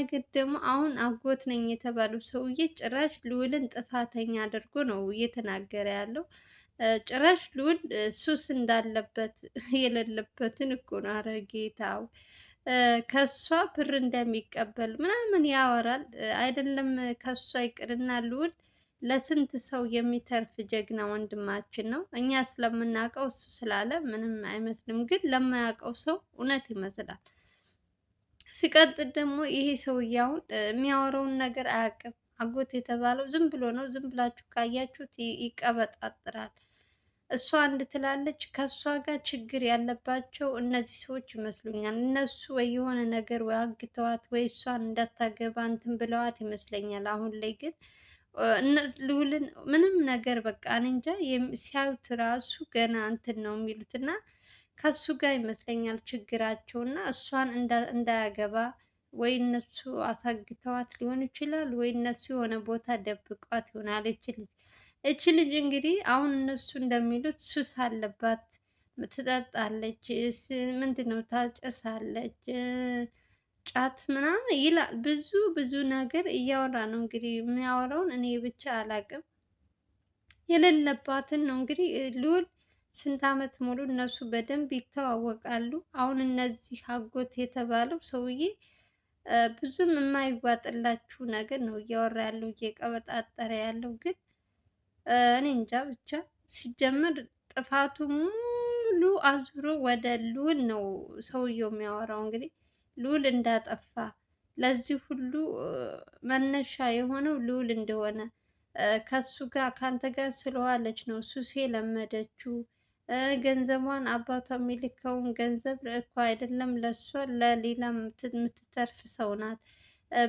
ነገር ደግሞ አሁን አጎት ነኝ የተባለው ሰውዬ ጭራሽ ልዑልን ጥፋተኛ አድርጎ ነው እየተናገረ ያለው። ጭራሽ ልዑል ሱስ እንዳለበት የሌለበትን እኮ ነው። አረ ጌታው ከሷ ብር እንደሚቀበል ምናምን ያወራል። አይደለም ከሷ ይቅርና ልዑል ለስንት ሰው የሚተርፍ ጀግና ወንድማችን ነው። እኛ ስለምናውቀው እሱ ስላለ ምንም አይመስልም፣ ግን ለማያውቀው ሰው እውነት ይመስላል። ሲቀጥል ደግሞ ይሄ ሰውዬ አሁን የሚያወራውን ነገር አያውቅም። አጎት የተባለው ዝም ብሎ ነው። ዝም ብላችሁ ካያችሁት ይቀበጣጥራል። እሷ አንድ ትላለች፣ ከእሷ ጋር ችግር ያለባቸው እነዚህ ሰዎች ይመስሉኛል። እነሱ ወይ የሆነ ነገር ወይ አግተዋት ወይ እሷን እንዳታገባ እንትን ብለዋት ይመስለኛል። አሁን ላይ ግን ልዑልን ምንም ነገር በቃ እንጃ ሲያዩት ራሱ ገና እንትን ነው የሚሉትና እና ከሱ ጋር ይመስለኛል ችግራቸው እና እሷን እንዳያገባ ወይ እነሱ አሳግተዋት ሊሆን ይችላል፣ ወይ እነሱ የሆነ ቦታ ደብቋት ይሆናል። እች ልጅ እች ልጅ እንግዲህ አሁን እነሱ እንደሚሉት ሱስ አለባት፣ ትጠጣለች፣ ምንድን ነው ታጨሳለች፣ ጫት ምናምን ይላል። ብዙ ብዙ ነገር እያወራ ነው እንግዲህ። የሚያወራውን እኔ ብቻ አላቅም። የሌለባትን ነው እንግዲህ ልዑል ስንት ዓመት ሙሉ እነሱ በደንብ ይተዋወቃሉ። አሁን እነዚህ አጎት የተባለው ሰውዬ ብዙም የማይዋጥላችሁ ነገር ነው እያወራ ያለው እየቀበጣጠረ ያለው ግን እኔ እንጃ ብቻ። ሲጀመር ጥፋቱ ሙሉ አዙሮ ወደ ልዑል ነው ሰውየው የሚያወራው። እንግዲህ ልዑል እንዳጠፋ ለዚህ ሁሉ መነሻ የሆነው ልዑል እንደሆነ ከሱ ጋር ከአንተ ጋር ስለዋለች ነው ሱሴ ለመደችው ገንዘቧን አባቷ የሚልከውን ገንዘብ እኮ አይደለም ለእሷ ለሌላ የምትተርፍ ሰው ናት።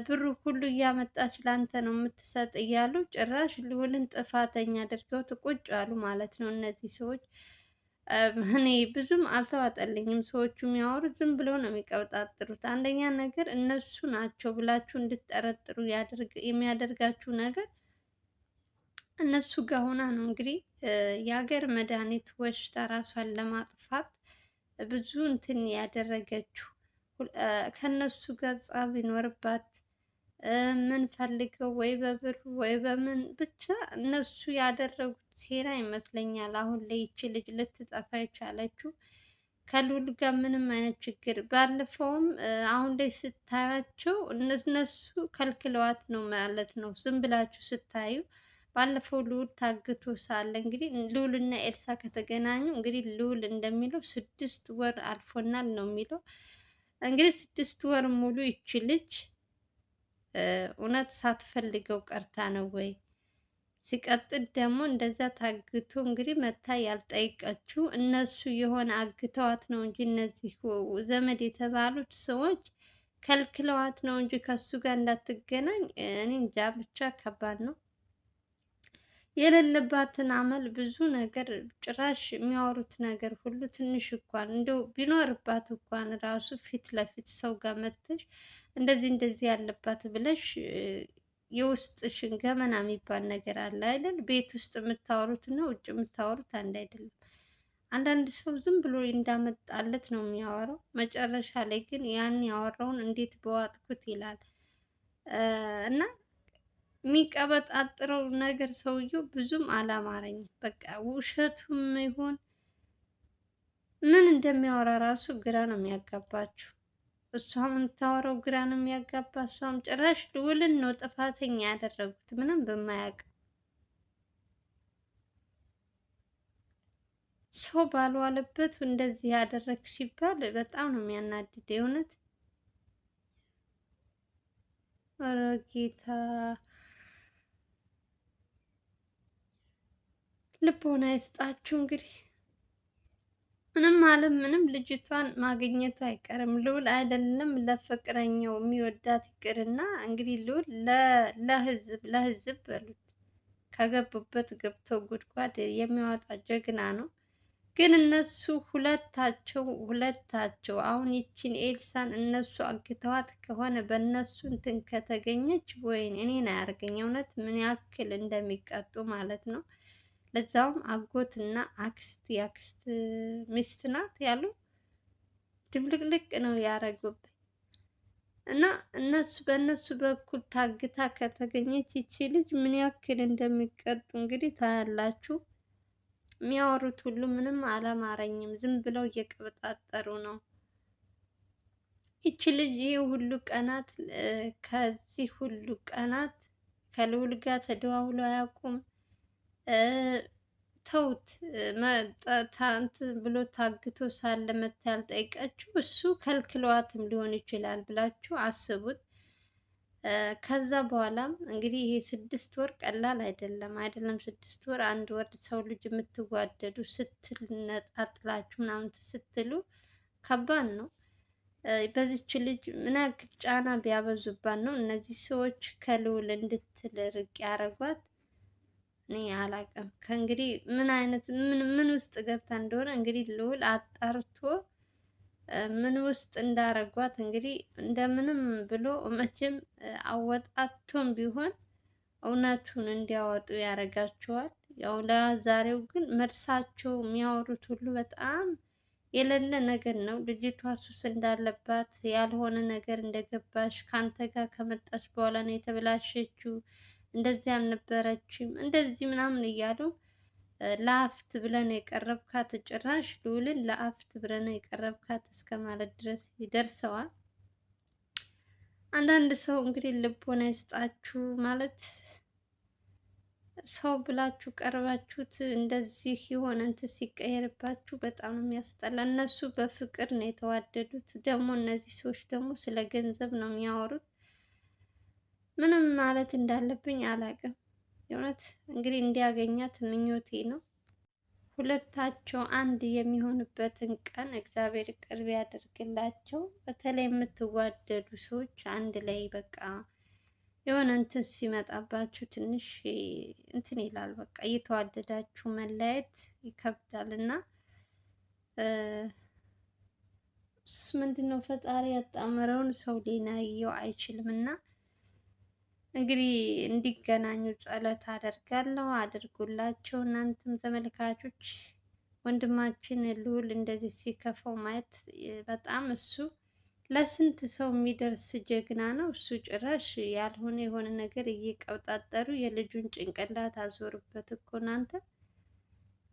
ብሩ ሁሉ እያመጣች ለአንተ ነው የምትሰጥ እያሉ ጭራሽ ልዑልን ጥፋተኛ አድርገው ቁጭ አሉ ማለት ነው እነዚህ ሰዎች። እኔ ብዙም አልተዋጠልኝም። ሰዎቹ የሚያወሩት ዝም ብለው ነው የሚቀብጣጥሩት። አንደኛ ነገር እነሱ ናቸው ብላችሁ እንድትጠረጥሩ የሚያደርጋችሁ ነገር እነሱ ጋር ሆና ነው እንግዲህ የሀገር መድኃኒት ወስዳ ራሷን ለማጥፋት ብዙ እንትን ያደረገችው ከነሱ ጋር ጸብ ይኖርባት ምን ፈልገው ወይ በብር ወይ በምን ብቻ እነሱ ያደረጉት ሴራ ይመስለኛል። አሁን ላይ ይቺ ልጅ ልትጠፋ የቻለችው ከልዑል ጋር ምንም አይነት ችግር ባለፈውም፣ አሁን ላይ ስታያቸው እነሱ ከልክለዋት ነው ማለት ነው። ዝም ብላችሁ ስታዩ ባለፈው ልዑል ታግቶ ሳለ እንግዲህ ልዑል እና ኤልሳ ከተገናኙ እንግዲህ ልዑል እንደሚለው ስድስት ወር አልፎናል ነው የሚለው። እንግዲህ ስድስት ወር ሙሉ ይቺ ልጅ እውነት ሳትፈልገው ቀርታ ነው ወይ? ሲቀጥል ደግሞ እንደዛ ታግቶ እንግዲህ መታ ያልጠይቀችው እነሱ የሆነ አግተዋት ነው እንጂ እነዚህ ዘመድ የተባሉት ሰዎች ከልክለዋት ነው እንጂ ከሱ ጋር እንዳትገናኝ እኔ እንጃ ብቻ ከባድ ነው። የሌለባትን አመል ብዙ ነገር ጭራሽ የሚያወሩት ነገር ሁሉ ትንሽ እንኳን እንደው ቢኖርባት እንኳን ራሱ ፊት ለፊት ሰው ጋር መጥተሽ እንደዚህ እንደዚህ ያለባት ብለሽ የውስጥሽን ገመና የሚባል ነገር አለ አይደል? ቤት ውስጥ የምታወሩት እና ውጭ የምታወሩት አንድ አይደለም። አንዳንድ ሰው ዝም ብሎ እንዳመጣለት ነው የሚያወራው። መጨረሻ ላይ ግን ያን ያወራውን እንዴት በዋጥኩት ይላል እና የሚቀበጣጥረው ነገር ሰውየው ብዙም አላማረኝም። በቃ ውሸቱም ይሆን ምን እንደሚያወራ ራሱ ግራ ነው የሚያጋባችሁ። እሷም የምታወራው ግራ ነው የሚያጋባ። እሷም ጭራሽ ልዑልን ነው ጥፋተኛ ያደረጉት ምንም በማያውቅ ሰው ባልዋለበት እንደዚህ ያደረግ ሲባል በጣም ነው የሚያናድድ የእውነት ኧረ ጌታ ልቦና ይስጣችሁ። እንግዲህ ምንም አለም ምንም ልጅቷን ማግኘቱ አይቀርም። ልዑል አይደለም ለፍቅረኛው የሚወዳት ይቅርና እንግዲህ ልዑል ለህዝብ ለህዝብ በሉት ከገቡበት ገብቶ ጉድጓድ የሚያወጣ ጀግና ነው። ግን እነሱ ሁለታቸው ሁለታቸው አሁን ይችን ኤልሳን እነሱ አግተዋት ከሆነ በእነሱ እንትን ከተገኘች ወይን እኔን አያርገኝ እውነት ምን ያክል እንደሚቀጡ ማለት ነው። ለዛውም አጎትና አክስት የአክስት ሚስት ናት ያሉ ድብልቅልቅ ነው ያደረጉብኝ። እና እነሱ በእነሱ በኩል ታግታ ከተገኘች ይቺ ልጅ ምን ያክል እንደሚቀጡ እንግዲህ ታያላችሁ። የሚያወሩት ሁሉ ምንም አላማረኝም። ዝም ብለው እየቀበጣጠሩ ነው። ይቺ ልጅ ይህ ሁሉ ቀናት ከዚህ ሁሉ ቀናት ከልዑል ጋር ተደዋውሎ አያውቁም። ተውት መጠታንት ብሎ ታግቶ ሳለ መታ ያልጠየቀችው እሱ ከልክለዋትም ሊሆን ይችላል ብላችሁ አስቡት። ከዛ በኋላም እንግዲህ ይሄ ስድስት ወር ቀላል አይደለም፣ አይደለም ስድስት ወር አንድ ወር ሰው ልጅ የምትዋደዱ ስትነጣጥላችሁ ምናምን ስትሉ ከባድ ነው። በዚች ልጅ ምን ያክል ጫና ቢያበዙባት ነው እነዚህ ሰዎች ከልዑል እንድትርቅ ያደረጓት? እኔ አላውቅም። ከእንግዲህ ምን አይነት ምን ምን ውስጥ ገብታ እንደሆነ እንግዲህ ልዑል አጣርቶ ምን ውስጥ እንዳረጓት እንግዲህ እንደምንም ብሎ መቼም አወጣቶም ቢሆን እውነቱን እንዲያወጡ ያደርጋቸዋል። ያው ለዛሬው ግን መልሳቸው የሚያወሩት ሁሉ በጣም የሌለ ነገር ነው። ልጅቷ ሱስ እንዳለባት ያልሆነ ነገር እንደገባሽ ከአንተ ጋር ከመጣች በኋላ ነው የተበላሸችው እንደዚህ አልነበረችም እንደዚህ ምናምን እያሉ ለአፍት ብለን የቀረብካት ጭራሽ ልውልን ለአፍት ብለን የቀረብካት እስከ ማለት ድረስ ይደርሰዋል። አንዳንድ ሰው እንግዲህ ልቦና ይስጣችሁ ማለት ሰው ብላችሁ ቀርባችሁት እንደዚህ የሆነ እንትን ሲቀየርባችሁ በጣም ነው የሚያስጠላ። እነሱ በፍቅር ነው የተዋደዱት። ደግሞ እነዚህ ሰዎች ደግሞ ስለ ገንዘብ ነው የሚያወሩት። ምንም ማለት እንዳለብኝ አላቅም የእውነት እንግዲህ እንዲያገኛት ምኞቴ ነው። ሁለታቸው አንድ የሚሆንበትን ቀን እግዚአብሔር ቅርብ ያደርግላቸው። በተለይ የምትዋደዱ ሰዎች አንድ ላይ በቃ የሆነ እንትን ሲመጣባችሁ ትንሽ እንትን ይላል። በቃ እየተዋደዳችሁ መለያየት ይከብዳል እና ምንድን ነው ፈጣሪ ያጣመረውን ሰው ሊናየው አይችልም እና እንግዲህ እንዲገናኙ ጸሎት አደርጋለሁ። አድርጉላቸው እናንተም ተመልካቾች። ወንድማችን ልዑል እንደዚህ ሲከፋው ማየት በጣም እሱ ለስንት ሰው የሚደርስ ጀግና ነው። እሱ ጭራሽ ያልሆነ የሆነ ነገር እየቀብጣጠሩ የልጁን ጭንቅላት አዞሩበት እኮ እናንተ።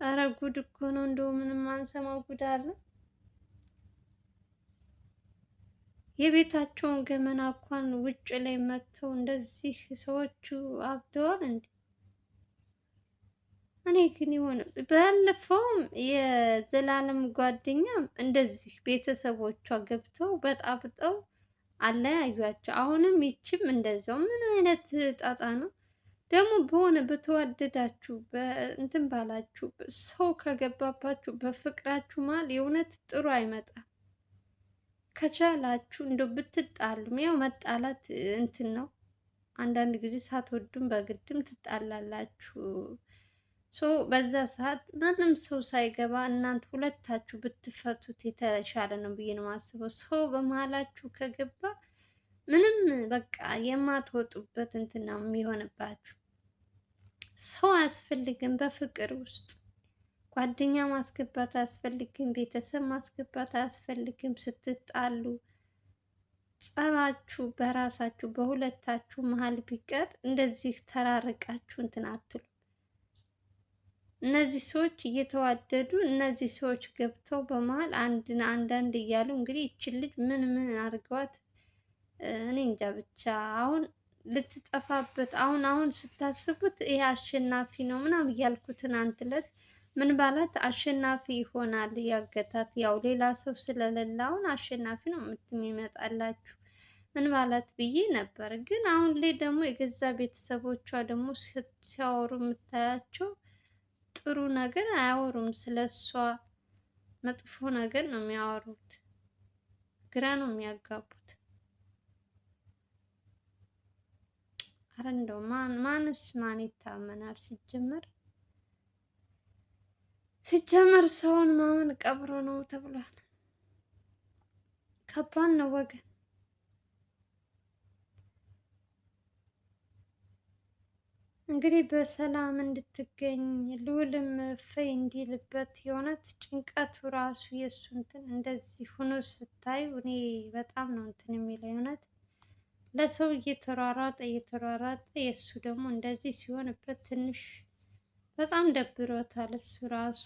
ኧረ ጉድ እኮ ነው እንደው ምንም አንሰማው ጉድ አለ። የቤታቸውን ገመና እንኳን ውጭ ላይ መጥተው እንደዚህ ሰዎቹ አብደዋል እንዴ? እኔ ግን የሆነ ባለፈውም የዘላለም ጓደኛም እንደዚህ ቤተሰቦቿ ገብተው በጣብጠው አለያዩአቸው። አሁንም ይችም እንደዛው። ምን አይነት ጣጣ ነው ደግሞ? በሆነ በተዋደዳችሁ እንትን ባላችሁ ሰው ከገባባችሁ በፍቅራችሁ መሀል የእውነት ጥሩ አይመጣም። ከቻላችሁ እንደ ብትጣሉም ያው መጣላት እንትን ነው። አንዳንድ ጊዜ ሳትወዱም በግድም ትጣላላችሁ። ሶ በዛ ሰዓት ማንም ሰው ሳይገባ እናንተ ሁለታችሁ ብትፈቱት የተሻለ ነው ብዬ ነው የማስበው። ሰው በመሀላችሁ ከገባ ምንም በቃ የማትወጡበት እንትን ነው የሚሆንባችሁ። ሰው አያስፈልግም በፍቅር ውስጥ ጓደኛ ማስገባት አያስፈልግም፣ ቤተሰብ ማስገባት አያስፈልግም። ስትጣሉ ጸባችሁ በራሳችሁ በሁለታችሁ መሀል ቢቀር እንደዚህ ተራርቃችሁ እንትን አትሉ። እነዚህ ሰዎች እየተዋደዱ እነዚህ ሰዎች ገብተው በመሀል አንድን አንዳንድ እያሉ እንግዲህ ይችን ልጅ ምን ምን አድርገዋት እኔ እንጃ ብቻ አሁን ልትጠፋበት አሁን አሁን ስታስቡት ይሄ አሸናፊ ነው ምናምን እያልኩ ትናንት ዕለት ምን ባላት አሸናፊ ይሆናል ያገታት። ያው ሌላ ሰው ስለሌለ አሁን አሸናፊ ነው የሚመጣላችሁ ምን ባላት ብዬ ነበር። ግን አሁን ላይ ደግሞ የገዛ ቤተሰቦቿ ደግሞ ሲያወሩ የምታያቸው ጥሩ ነገር አያወሩም፣ ስለሷ መጥፎ ነገር ነው የሚያወሩት። ግራ ነው የሚያጋቡት። አረ እንደው ማንስ ማን ይታመናል ሲጀመር ሲጀመር ሰውን ማመን ቀብሮ ነው ተብሏል። ከባድ ነው ወገን። እንግዲህ በሰላም እንድትገኝ ልውልም ፈይ እንዲልበት የሆነት ጭንቀቱ ራሱ የእሱ እንትን እንደዚህ ሆኖ ስታይ እኔ በጣም ነው እንትን የሚለው የሆነት ለሰው እየተሯሯጠ እየተሯሯጠ የእሱ ደግሞ እንደዚህ ሲሆንበት ትንሽ በጣም ደብሮታል እሱ ራሱ።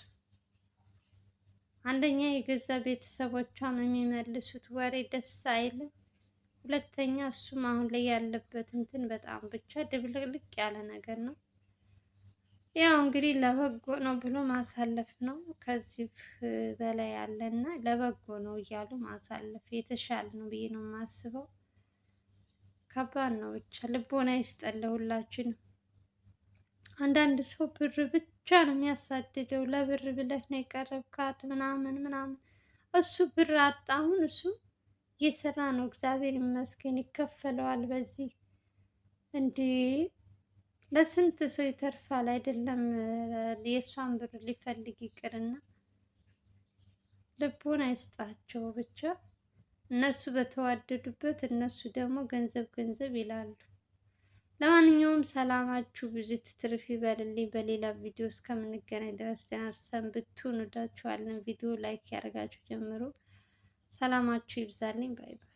አንደኛ የገዛ ቤተሰቦቿን የሚመልሱት ወሬ ደስ አይልም። ሁለተኛ እሱም አሁን ላይ ያለበት እንትን በጣም ብቻ ድብልቅልቅ ያለ ነገር ነው። ያው እንግዲህ ለበጎ ነው ብሎ ማሳለፍ ነው። ከዚህ በላይ እና ለበጎ ነው እያሉ ማሳለፍ የተሻለ ነው ብዬ ነው የማስበው። ከባድ ነው ብቻ ልቦና ይስጠን ለሁላችንም። አንዳንድ ሰው ብር ብቻ ብቻ ነው የሚያሳድደው። ለብር ብለህ ነው የቀረብካት ምናምን ምናምን። እሱ ብር አጣሁን እሱ እየሰራ ነው፣ እግዚአብሔር ይመስገን ይከፈለዋል። በዚህ እንዲ ለስንት ሰው ይተርፋል አይደለም? የእሷን ብር ሊፈልግ ይቅርና ልቡን አይስጣቸው ብቻ እነሱ በተዋደዱበት እነሱ ደግሞ ገንዘብ ገንዘብ ይላሉ። ለማንኛውም ሰላማችሁ ብዙ ትትርፍ ይበልልኝ። በሌላ ቪዲዮ እስከምንገናኝ ድረስ ደህና ሰንብቱ። እንወዳችኋለን። ቪዲዮ ላይክ ያደርጋችሁ ጀምሮ ሰላማችሁ ይብዛልኝ። ባይ ባይ።